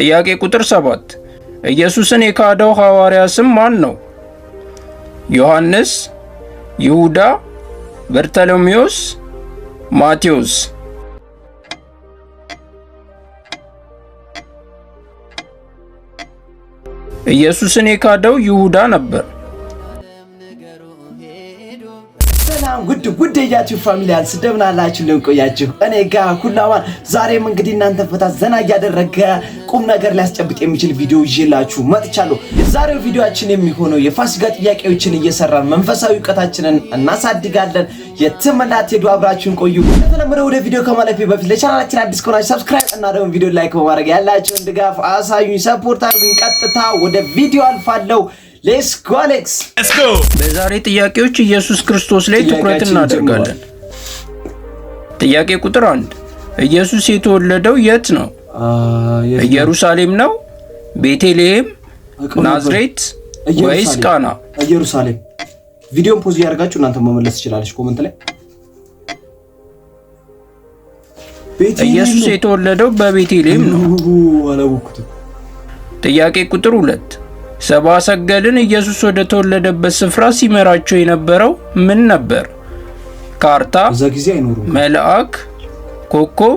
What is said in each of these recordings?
ጥያቄ ቁጥር 7 ኢየሱስን የካደው ሐዋርያ ስም ማን ነው? ዮሐንስ፣ ይሁዳ፣ በርተሎሜዎስ፣ ማቴዎስ። ኢየሱስን የካደው ይሁዳ ነበር። ሰላም ውድ ውድ ያችሁ ፋሚሊያል ስደምናላችሁ ልንቆያችሁ እኔ ጋር ሁላማን ዛሬም እንግዲህ እናንተ ፈታ ዘና እያደረገ ቁም ነገር ሊያስጨብጥ የሚችል ቪዲዮ ይዤላችሁ መጥቻለሁ። የዛሬው ቪዲዮችን የሚሆነው የፋሲካ ጥያቄዎችን እየሰራን መንፈሳዊ እውቀታችንን እናሳድጋለን። የትም እንዳትሄዱ አብራችሁን ቆዩ። እንደተለመደው ወደ ቪዲዮ ከማለፊ በፊት ለቻናላችን አዲስ ከሆናችሁ ሰብስክራይብ እና ደግሞ ቪዲዮ ላይክ በማድረግ ያላችሁን ድጋፍ አሳዩኝ፣ ሰፖርት አድርጉኝ። ቀጥታ ወደ ቪዲዮ አልፋለሁ። ሌስ ጎ አሌክስ ሌስ ጎ። በዛሬ ጥያቄዎች ኢየሱስ ክርስቶስ ላይ ትኩረት እናደርጋለን። ጥያቄ ቁጥር አንድ ኢየሱስ የተወለደው የት ነው? ኢየሩሳሌም ነው? ቤቴልሔም፣ ናዝሬት ወይስ ቃና? ኢየሩሳሌም። ቪዲዮን ፖዝ እያደርጋችሁ እናንተ መመለስ ትችላለች ኮመንት ላይ ኢየሱስ የተወለደው በቤቴልሔም ነው። ጥያቄ ቁጥር ሁለት ሰብአ ሰገልን ኢየሱስ ወደ ተወለደበት ስፍራ ሲመራቸው የነበረው ምን ነበር? ካርታ፣ መልአክ፣ ኮከብ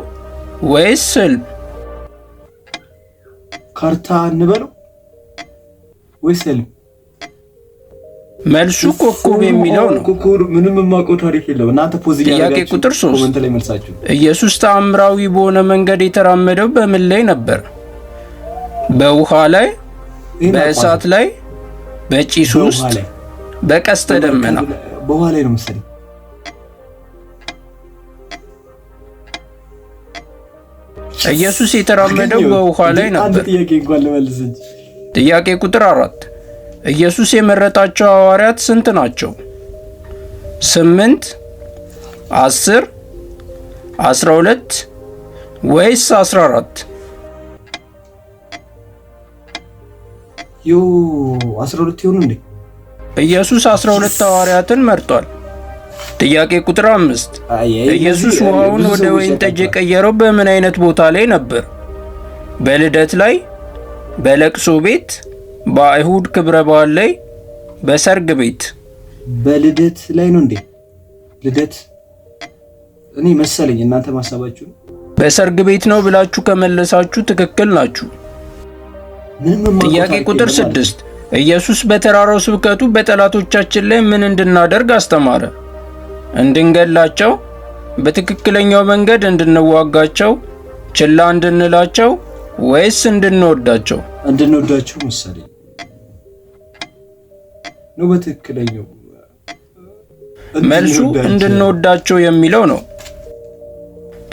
ወይስ ስልም? ካርታ እንበለው ወይስ ህልም? መልሱ ኮከብ የሚለው ነው። ኮከብ ምንም የማውቀው ታሪክ የለም። እናንተ ፖዝ ጥያቄ ቁጥር ሶስት ላይ መልሳችሁ ኢየሱስ ተአምራዊ በሆነ መንገድ የተራመደው በምን ላይ ነበር? በውሃ ላይ፣ በእሳት ላይ፣ በጭስ ውስጥ፣ በቀስተ ደመና። በውሃ ላይ ነው መሰለኝ ኢየሱስ የተራመደው በውኃ ላይ ነበር። ጥያቄ ቁጥር አራት ኢየሱስ የመረጣቸው ሐዋርያት ስንት ናቸው? ስምንት አስር አስራ ሁለት ወይስ አስራ አራት ዩ አስራ ሁለት ይሆኑ እንዴ? ኢየሱስ አስራ ሁለት ሐዋርያትን መርጧል። ጥያቄ ቁጥር አምስት ኢየሱስ ውሃውን ወደ ወይን ጠጅ የቀየረው በምን አይነት ቦታ ላይ ነበር? በልደት ላይ፣ በለቅሶ ቤት፣ በአይሁድ ክብረ በዓል ላይ፣ በሰርግ ቤት። በልደት ላይ ነው እንዴ? ልደት እኔ መሰለኝ። እናንተ ማሳባችሁ በሰርግ ቤት ነው ብላችሁ ከመለሳችሁ ትክክል ናችሁ። ጥያቄ ቁጥር ስድስት ኢየሱስ በተራራው ስብከቱ በጠላቶቻችን ላይ ምን እንድናደርግ አስተማረ? እንድንገላቸው፣ በትክክለኛው መንገድ እንድንዋጋቸው፣ ችላ እንድንላቸው ወይስ እንድንወዳቸው? እንድንወዳቸው መሰለኝ ነው በትክክለኛው መልሱ እንድንወዳቸው የሚለው ነው።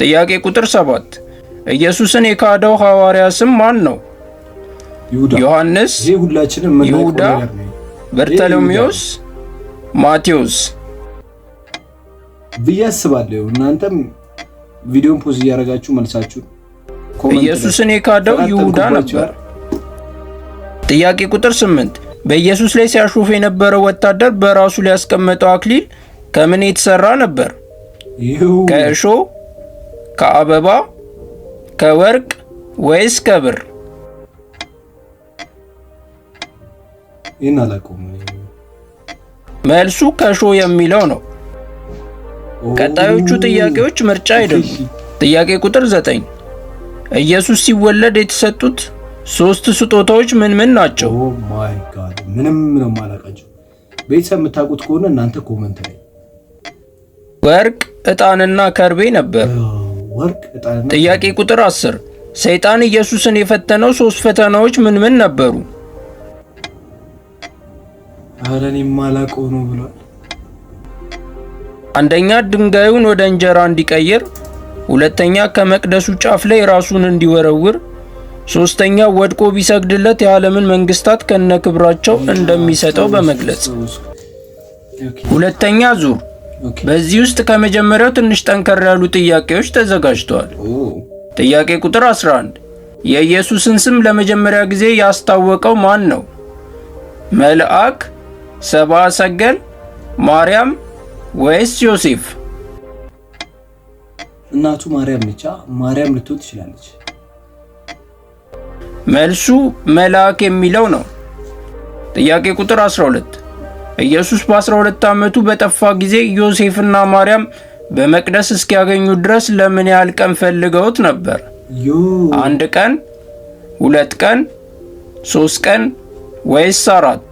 ጥያቄ ቁጥር ሰባት ኢየሱስን የካደው ሐዋርያ ስም ማን ነው? ዮሐንስ፣ ይሁዳ፣ በርተሎሜዎስ፣ ማቴዎስ ብዬ አስባለሁ። እናንተም ቪዲዮን ፖዝ እያደረጋችሁ መልሳችሁ ኢየሱስን የካደው ይሁዳ ነበር። ጥያቄ ቁጥር ስምንት በኢየሱስ ላይ ሲያሾፍ የነበረው ወታደር በራሱ ሊያስቀመጠው አክሊል ከምን የተሰራ ነበር? ከእሾ፣ ከአበባ፣ ከወርቅ ወይስ ከብር? መልሱ ከእሾ የሚለው ነው። ቀጣዮቹ ጥያቄዎች ምርጫ አይደሉም። ጥያቄ ቁጥር ዘጠኝ ኢየሱስ ሲወለድ የተሰጡት ሶስት ስጦታዎች ምን ምን ናቸው? ምንም ነው የማላውቃቸው። ቤተሰብ የምታውቁት ከሆነ እናንተ ኮመንት ላይ ወርቅ፣ እጣንና ከርቤ ነበር። ጥያቄ ቁጥር አስር ሰይጣን ኢየሱስን የፈተነው ሶስት ፈተናዎች ምን ምን ነበሩ? አረ እኔ የማላውቀው ነው ብሏል። አንደኛ ድንጋዩን ወደ እንጀራ እንዲቀይር፣ ሁለተኛ ከመቅደሱ ጫፍ ላይ ራሱን እንዲወረውር፣ ሶስተኛ ወድቆ ቢሰግድለት የዓለምን መንግስታት ከነክብራቸው እንደሚሰጠው በመግለጽ ሁለተኛ ዙር። በዚህ ውስጥ ከመጀመሪያው ትንሽ ጠንከር ያሉ ጥያቄዎች ተዘጋጅተዋል። ጥያቄ ቁጥር 11 የኢየሱስን ስም ለመጀመሪያ ጊዜ ያስታወቀው ማን ነው? መልአክ፣ ሰብአ ሰገል፣ ማርያም ወይስ ዮሴፍ? እናቱ ማርያም ብቻ ማርያም ልትሆን ትችላለች። መልሱ መልአክ የሚለው ነው። ጥያቄ ቁጥር 12 ኢየሱስ በ12 ዓመቱ በጠፋ ጊዜ ዮሴፍና ማርያም በመቅደስ እስኪያገኙ ድረስ ለምን ያህል ቀን ፈልገውት ነበር? አንድ ቀን፣ ሁለት ቀን፣ ሶስት ቀን ወይስ አራት?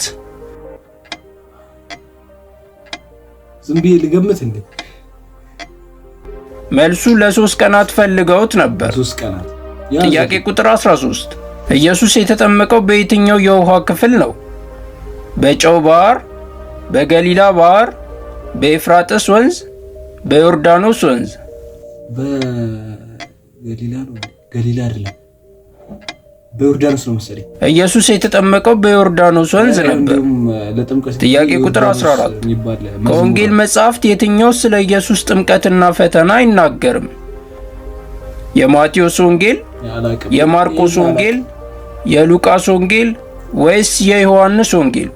ዝም ብዬ ልገምት እንዴ? መልሱ ለሶስት ቀናት ፈልገውት ነበር። ጥያቄ ቁጥር 13 ኢየሱስ የተጠመቀው በየትኛው የውሃ ክፍል ነው? በጨው ባህር፣ በገሊላ ባህር፣ በኤፍራጥስ ወንዝ፣ በዮርዳኖስ ወንዝ። በገሊላ ነው። ገሊላ አይደለም በዮርዳኖስ ነው መሰለኝ ኢየሱስ የተጠመቀው በዮርዳኖስ ወንዝ ነበር። ጥያቄ ቁጥር 14 ከወንጌል መጽሐፍት የትኛው ስለ ኢየሱስ ጥምቀትና ፈተና አይናገርም? የማቴዎስ ወንጌል፣ የማርቆስ ወንጌል፣ የሉቃስ ወንጌል ወይስ የዮሐንስ ወንጌል?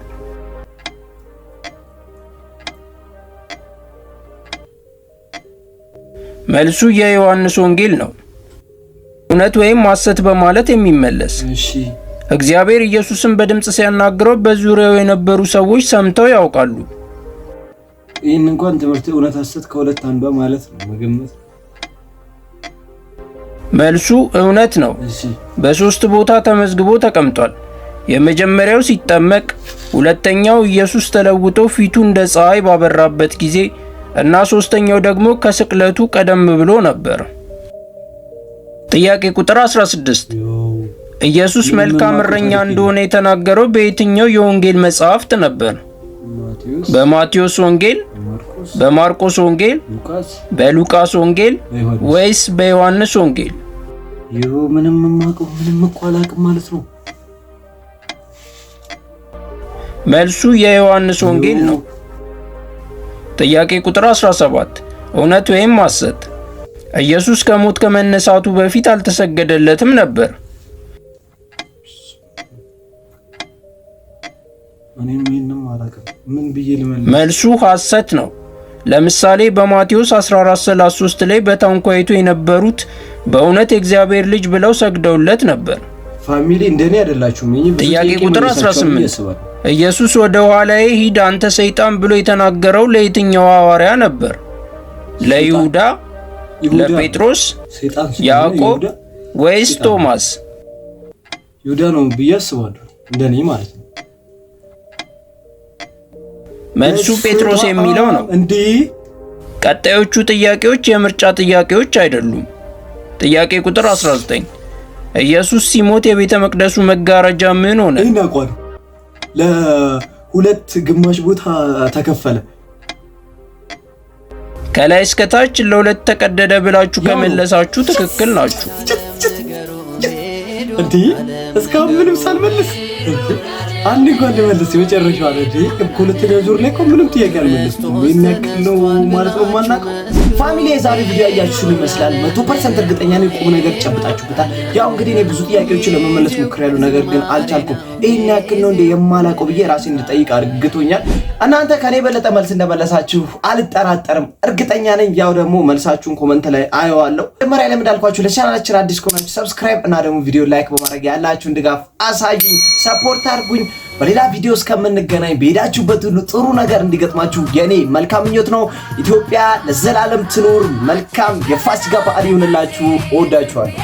መልሱ የዮሐንስ ወንጌል ነው። እውነት ወይም ማሰት በማለት የሚመለስ እግዚአብሔር ኢየሱስን በድምፅ ሲያናግረው በዙሪያው የነበሩ ሰዎች ሰምተው ያውቃሉ። ይህን እንኳን ትምህርት እውነት ሐሰት ከሁለት አንዷ ማለት ነው መገመት። መልሱ እውነት ነው። በሶስት ቦታ ተመዝግቦ ተቀምጧል። የመጀመሪያው ሲጠመቅ፣ ሁለተኛው ኢየሱስ ተለውጦ ፊቱ እንደ ፀሐይ ባበራበት ጊዜ እና ሦስተኛው ደግሞ ከስቅለቱ ቀደም ብሎ ነበር። ጥያቄ ቁጥር 16 ኢየሱስ መልካም እረኛ እንደሆነ የተናገረው በየትኛው የወንጌል መጽሐፍት ነበር? በማቴዎስ ወንጌል፣ በማርቆስ ወንጌል፣ በሉቃስ ወንጌል ወይስ በዮሐንስ ወንጌል? ይሁ ምንም ማቀው ምንም እኮ ማለት ነው። መልሱ የዮሐንስ ወንጌል ነው። ጥያቄ ቁጥር 17 እውነት ወይም ማሰት? ኢየሱስ ከሞት ከመነሳቱ በፊት አልተሰገደለትም ነበር። መልሱ ሐሰት ነው። ለምሳሌ በማቴዎስ 14:33 ላይ በታንኳይቱ የነበሩት በእውነት የእግዚአብሔር ልጅ ብለው ሰግደውለት ነበር። ፋሚሊ እንደኔ አይደላችሁም። ጥያቄ ቁጥር 18 ኢየሱስ ወደ ኋላዬ ሂድ አንተ ሰይጣን ብሎ የተናገረው ለየትኛው ሐዋርያ ነበር? ለይሁዳ ለጴጥሮስ ያዕቆብ ወይስ ቶማስ? ይሁዳ ነው ብዬ አስባለሁ፣ እንደኔ ማለት ነው። መልሱ ጴጥሮስ የሚለው ነው። እንዲህ ቀጣዮቹ ጥያቄዎች የምርጫ ጥያቄዎች አይደሉም። ጥያቄ ቁጥር 19 ኢየሱስ ሲሞት የቤተ መቅደሱ መጋረጃ ምን ሆነ? ለሁለት ግማሽ ቦታ ተከፈለ። ከላይ እስከ ታች ለሁለት ተቀደደ ብላችሁ ከመለሳችሁ ትክክል ናችሁ። እንዲህ እስካሁን ምንም ሳልመልስ አንድ እንኳን ልመልስ የመጨረሻ አለድ ሁለተኛ ዙር ላይ ምንም ጥያቄ አልመለስኩም። የሚያክል ነው ማለት ነው የማናውቀው ፋሚሊ። የዛሬ ቪዲዮ ያያችሁን ይመስላል። መቶ ፐርሰንት እርግጠኛ ነኝ ቁም ነገር ጨብጣችሁበታል። ያው እንግዲህ እኔ ብዙ ጥያቄዎችን ለመመለስ ሞክሬያለሁ፣ ነገር ግን አልቻልኩም። ይህን ያክል ነው እንደ የማላውቀው ብዬ ራሴ እንድጠይቅ አድርግቶኛል። እናንተ ከኔ በለጠ መልስ እንደመለሳችሁ አልጠራጠርም፣ እርግጠኛ ነኝ። ያው ደግሞ መልሳችሁን ኮመንት ላይ አየዋለሁ። መጀመሪያ ላይ እንዳልኳችሁ ለቻናላችን አዲስ ከሆናችሁ ሰብስክራይብ እና ደግሞ ቪዲዮ ላይክ በማድረግ ያላችሁን ድጋፍ አሳዩኝ፣ ሰፖርት አድርጉኝ። በሌላ ቪዲዮ እስከምንገናኝ በሄዳችሁበት ሁሉ ጥሩ ነገር እንዲገጥማችሁ የኔ መልካም ምኞት ነው። ኢትዮጵያ ለዘላለም ትኑር። መልካም የፋሲካ በዓል ይሁንላችሁ። እወዳችኋለሁ።